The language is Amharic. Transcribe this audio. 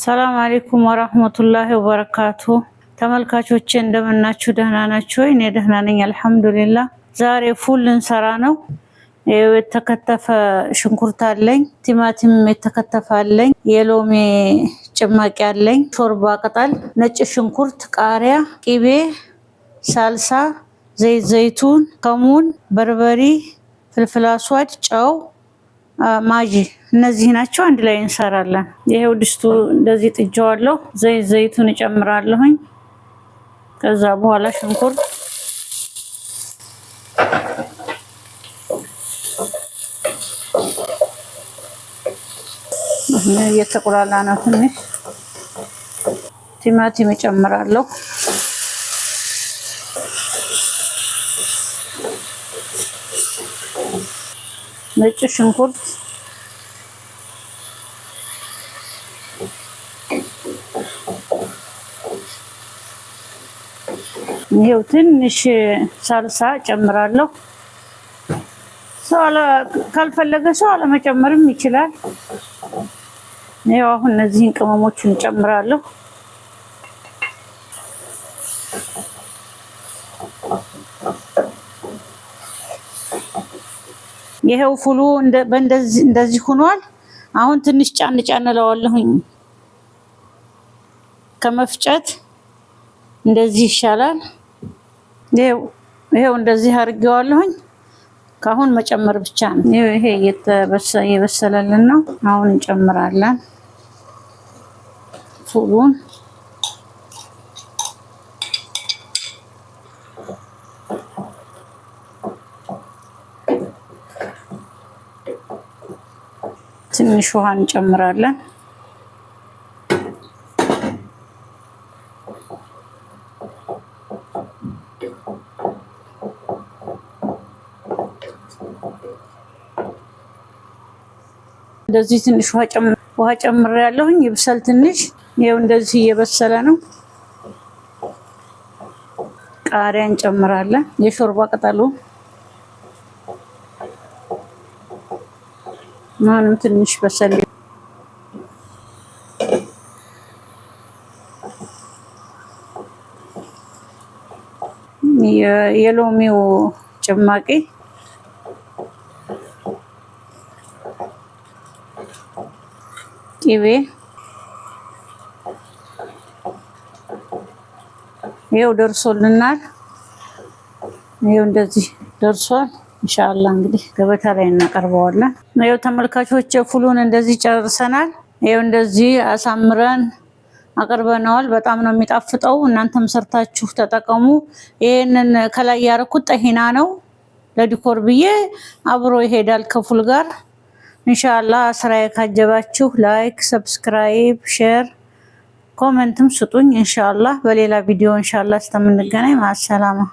ሰላም አሌይኩም ወራህመቱላሂ ወበረካቱ። ተመልካቾቼ እንደምናችሁ ደህና ናችሁ ወይ? እኔ ደህና ነኝ አልሐምዱሊላ። ዛሬ ፉል ልንሰራ ነው። የተከተፈ ሽንኩርት አለኝ፣ ቲማቲም የተከተፈ አለኝ፣ የሎሚ ጭማቂ አለኝ፣ ሾርባ ቅጠል፣ ነጭ ሽንኩርት፣ ቃሪያ፣ ቂቤ፣ ሳልሳ፣ ዘይት ዘይቱን፣ ከሙን፣ በርበሪ፣ ፍልፍል አስዋድ፣ ጨው ማጂ እነዚህ ናቸው። አንድ ላይ እንሰራለን። ይሄው ድስቱ እንደዚህ ጥጃዋለሁ። ዘይት ዘይቱን እጨምራለሁኝ። ከዛ በኋላ ሽንኩርት እየተቆላላ ነው። ትንሽ ቲማቲም እጨምራለሁ። ነጭ ሽንኩርት ይሄው ትንሽ ሳልሳ ጨምራለሁ። ካልፈለገ ሰው አለመጨመርም ይችላል። ይሄው አሁን እነዚህን ቅመሞችን ጨምራለሁ። ይሄው ፉሉ እንደዚህ ሆኗል። አሁን ትንሽ ጫን ጫን እለዋለሁኝ። ከመፍጨት እንደዚህ ይሻላል። ይሄው እንደዚህ አድርጌዋለሁኝ። ከአሁን መጨመር ብቻ ነው። ይሄ እየበሰለልን ነው። አሁን እንጨምራለን ፉሉን ትንሽ ውሃ እንጨምራለን። እንደዚህ ትንሽ ውሃ ጨምር ያለሁኝ ይብሰል ትንሽ። ይኸው እንደዚህ እየበሰለ ነው። ቃሪያ እንጨምራለን የሾርባ ቅጠሉ ማንም ትንሽ በሰል የሎሚው ጭማቂ ቂቤ ይኸው ደርሶልናል። ይኸው እንደዚህ ደርሷል። እንሻላ እንግዲህ ገበታ ላይ እናቀርበዋለን። ይኸው ተመልካቾች ፉሉን እንደዚህ ጨርሰናል። ይኸው እንደዚህ አሳምረን አቅርበነዋል። በጣም ነው የሚጣፍጠው። እናንተም ሰርታችሁ ተጠቀሙ። ይህንን ከላይ ያደረኩት ጠሂና ነው ለዲኮር ብዬ አብሮ ይሄዳል ከፉል ጋር እንሻላ። ስራዬ ካጀባችሁ ላይክ፣ ሰብስክራይብ፣ ሼር፣ ኮመንትም ስጡኝ። እንሻላ በሌላ ቪዲዮ እንሻላ እስከምንገናኝ ማሰላማ